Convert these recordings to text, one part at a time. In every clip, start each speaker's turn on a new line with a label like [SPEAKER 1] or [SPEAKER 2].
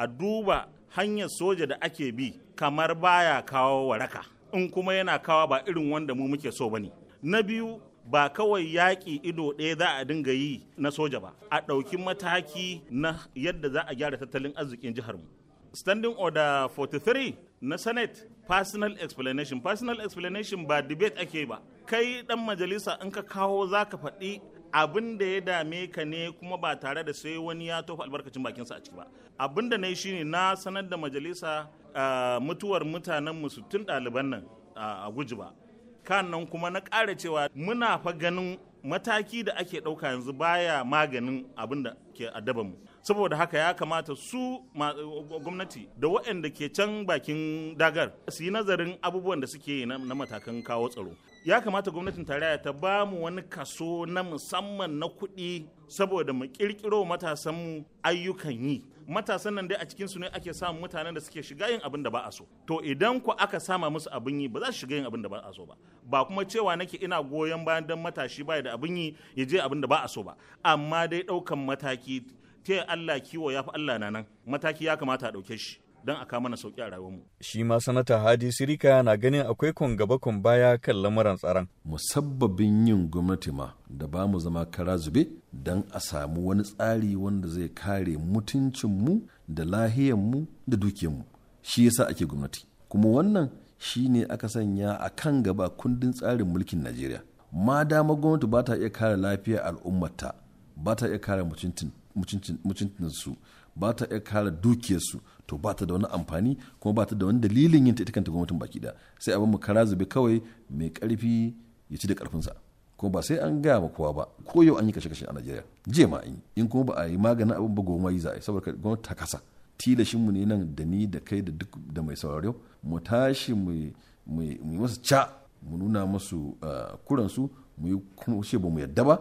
[SPEAKER 1] a duba hanyar soja da ake bi kamar baya kawo waraka in kuma yana kawo ba irin wanda mu muke so ne. na biyu ba kawai yaƙi ido ɗaya za a dinga yi na soja ba a ɗauki mataki na yadda za a gyara tattalin arzikin jihar mu. standing order 43 na senate personal explanation personal explanation ba debate ake ba kai dan majalisa in ka kawo za ka faɗi abin da ya dame ka ne kuma ba tare da sai wani ya tofa albarkacin bakinsa a ciki ba abin da na yi shine na sanar da majalisa mutuwar mutanen musu tun ɗaliban nan a guji ba kan nan kuma na ƙara cewa muna fa ganin mataki da ake ɗauka yanzu baya maganin abin da ke mu saboda haka ya kamata su gwamnati da waɗanda ke can bakin dagar su yi nazarin abubuwan da suke na matakan kawo tsaro ya kamata gwamnatin tarayya ta ba mu wani kaso na musamman na kuɗi saboda mu ƙirƙiro matasanmu ayyukan yi matasan nan dai a cikinsu ne ake samun mutanen da suke shiga yin abin da ba a so to idan ku aka sama musu abin yi ba za su shiga yin abin da ba a so ba ba kuma cewa nake ina goyon bayan dan matashi ba da abin yi ya je abin da ba a so ba amma dai ɗaukan mataki ta Allah kiwo ya fi Allah na nan mataki ya kamata a ɗauke shi don a kama na sauki a rayuwarmu.
[SPEAKER 2] Shi ma sanata Hadi Sirika na ganin akwai kun gaba kun baya kan lamuran tsaron. Musabbabin yin gwamnati ma da ba mu zama
[SPEAKER 3] kara zube don a samu wani tsari wanda zai kare mutuncinmu da lahiyanmu da dukiyarmu. Shi yasa ake gwamnati. Kuma wannan shi ne aka sanya a kan gaba kundin tsarin mulkin Najeriya. Ma dama gwamnati ba ta iya kare lafiyar al'ummata ba ta iya kare mutuncin su ba ta iya kare dukiyarsu to ba ta da wani amfani kuma ba ta da wani dalilin yin ta ita kanta gwamnatin baki da sai abin mu kara zube kawai mai karfi ya ci da karfinsa kuma ba sai an gaya ma kowa ba ko yau an yi kashe-kashe a Najeriya jiya ma in. in kuma ba a yi maganin abin ba goma yi za a saboda gwamnati ta kasa tilashin mu ne nan da ni da kai da duk da mai sauraro mu tashi mu yi masa ca mu nuna masu ah, kuransu mu yi kuma ba mu yadda ba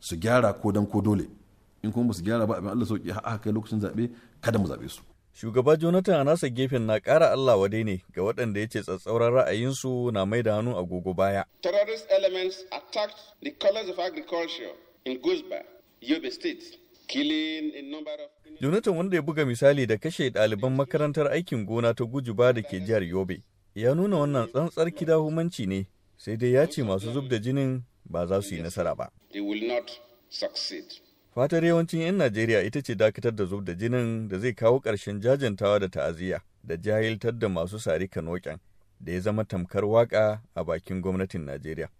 [SPEAKER 3] su
[SPEAKER 2] gyara ko dan ko dole in kuma su gyara ba abin Allah sauki har kai lokacin zaɓe kada mu zaɓe su. Shugaba Jonathan a nasa gefen na ƙara Allah wadai ne ga waɗanda ya ce tsatsauran ra'ayinsu na mai da hannu agogo baya.
[SPEAKER 1] Terrorist elements attacked the colors of agriculture in Guzba, Yobe State.
[SPEAKER 2] Jonathan wanda ya buga misali da kashe ɗaliban makarantar aikin gona ta Gujuba da ke jihar Yobe ya nuna wannan tsantsar kidahumanci ne sai dai ya ce masu zub da jinin ba za su yi nasara ba.
[SPEAKER 3] They will not
[SPEAKER 1] succeed.
[SPEAKER 2] Fatar yawancin 'yan Najeriya ita ce dakatar da zub da jinin da zai kawo ƙarshen jajantawa da ta'aziyya da jahiltar da masu sari kanoƙen da ya zama tamkar waƙa a bakin gwamnatin Najeriya.